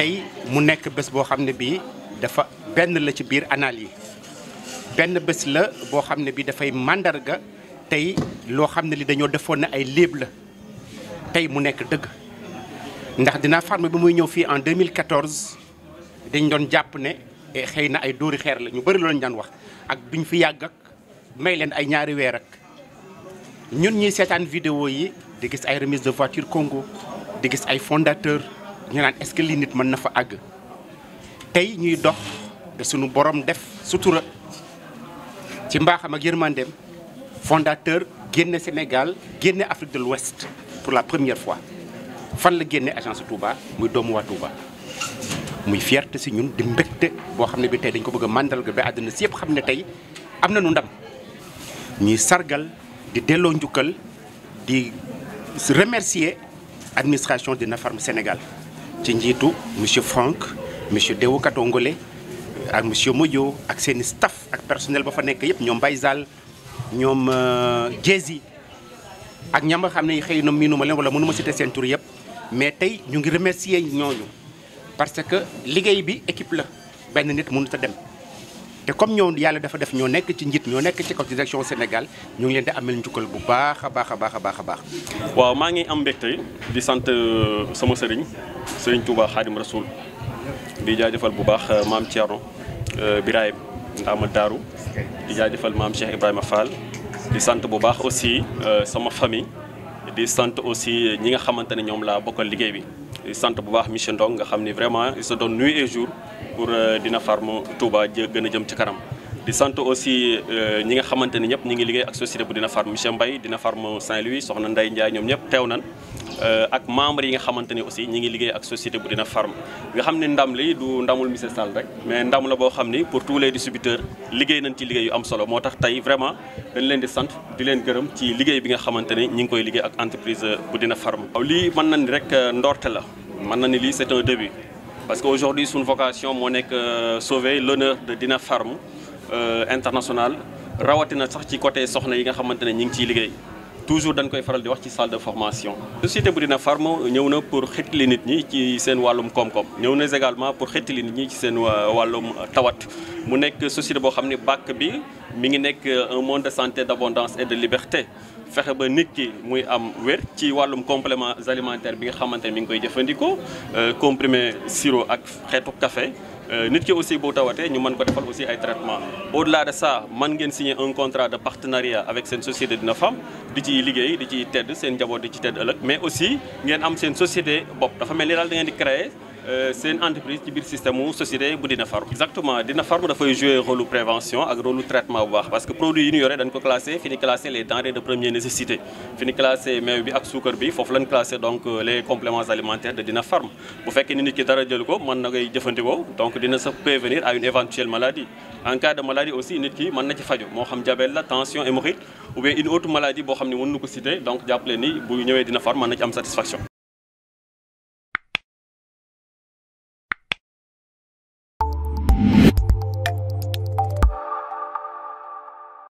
tey mu nekk bés boo xam ne bii dafa benn la ci biir anal yi benn bés la boo xam ne bii dafay màndarga tey loo xam ne li dañoo defoon ne ay léeb la tey mu nekk dëgg ndax dinaa farme bi muy ñëw fii en 2014 dañ doon jàpp ne eh, xëy na ay dóori xeer la ñu bëri loolu ñu daan wax ak ñu fi yàgg ak may leen ay ñaari weer ak ñun ñuy seetaan vidéo yi di gis ay remise de voiture Congo di gis ay fondateur ñu naan est-ce que lii nit mën na fa àgg tey ñuy dox te sunu borom def sutura ci mbaaxam ak yërmandeem fondateur génne Sénégal génne Afrique de l'Ouest pour la première fois fan la génne agence Touba muy doomu waa Touba. muy fierté si ñun di mbégte boo xam ne bi tey dañ ko bëgg a màndarga bi àddina si yëpp xam ne tey am na nu ndam ñuy sargal di delloo njukkal di remercier administration Dina Farm Sénégal. ci njiitu monsieur Franck monsieur Dewo Katongole ak monsieur Modio ak seeni i staff ak personnel ba fa nekk yëpp ñoom Baye Zal ñoom euh, Jési ak ñam nga xam ne xëy na miinu ma leen wala mënu ma citer seen tur yëpp mais tey ñu ngi remercier ñooñu parce que liggéey bi équipe la benn nit mënut a dem. te comme ñoo yàlla dafa def ñoo nekk ci njit ñoo nekk ci kaw ci direction Sénégal ñu ngi leen di amel njukkal bu baax a baax a baax a a baax. waaw maa ngi am mbégte di sant euh, sama sëriñ sëriñ Touba Khadim Rasoul di jaajëfal bu baax euh, maam Thierno euh, Birahim Ndama Daaru di jaajëfal maam Cheikh Ibrahima Fall di sant bu baax aussi sama famille di sant aussi ñi nga xamante ne ñoom laa bokkal liggéey bi di sant bu baax monsieur Ndong nga xam ni vraiment il se donne nuit pour euh, Dina Farm Touba gën a jëm ci kanam di sant aussi euh, ñi nga xamante ni ñëpp ñi ngi liggéey ak société bu Dina Farm monsieur Mbaye Dina Farm Saint-Louis soxna Ndeye Ndiaye ñoom ñëpp teew nan euh, ak membre yi nga xamante ni aussi ñi ngi liggéey ak société bu Dina Farm nga xam ne ndam li du ndamul monsieur Sall rek mais ndam la boo xam ni pour tous les distributeurs liggéey nañ ci liggéey yu am solo moo tax tey vraiment dañ leen di sant di leen gërëm ci liggéey bi nga xamante ni ñi ngi koy liggéey ak entreprise bu Dina Farm. waaw lii mën na ni rek ndorte la mën parce que qu'aujourd'hui suñu vocation moo nekk euh, sauver l'honneur de Dina Farm euh, international rawatina sax ci côté soxna yi nga xamante ne ñi ngi ciy liggéey toujours dañ koy faral di wax ci salle de formation. société bu dina farm ñëw na pour xettali nit ñi ci seen wàllum koom-koom ñëw na également pour xettali nit ñi ci seen wàllum tawat mu nekk société boo xam ne bakk bi mi ngi nekk un monde de santé d'abondance et de liberté. fexe ba nit ki muy am wér ci wàllum complément alimentaire bi nga xamante ne mi ngi koy jëfandikoo euh, comprimé siro ak xeetu kafe Euh, nit ki aussi bu tawatee ñu mën ko defal aussi ay traitement au delà de ça man ngeen signer un contrat de partenariat avec seen société Dina Femme di ci liggéey di ci tedd seen njaboot di ci tedd ëllëg mais aussi ngeen am seen société bopp dafa mel ni daal da di créer Euh, seen entreprise ci biir système société bu Dina Farm. exactement Dina Farm dafay jouer rôle prévention ak rôle traitement bu baax parce que produit yi ñu yore dañ ko classé fi ñu classé les denrées de première nécessité fi ñu classé meew bi ak suukar bi foofu lañ classé donc euh, les compléments alimentaires de Dina Farm bu fekkee ni nit ki dara jël ko mën na koy jëfandikoo donc dina sa prévenir à une éventuelle maladie en cas maladie aussi nit ki mën moo xam diabète la tension ou bien boo xam ne mën na ko Dina Farm mën na ci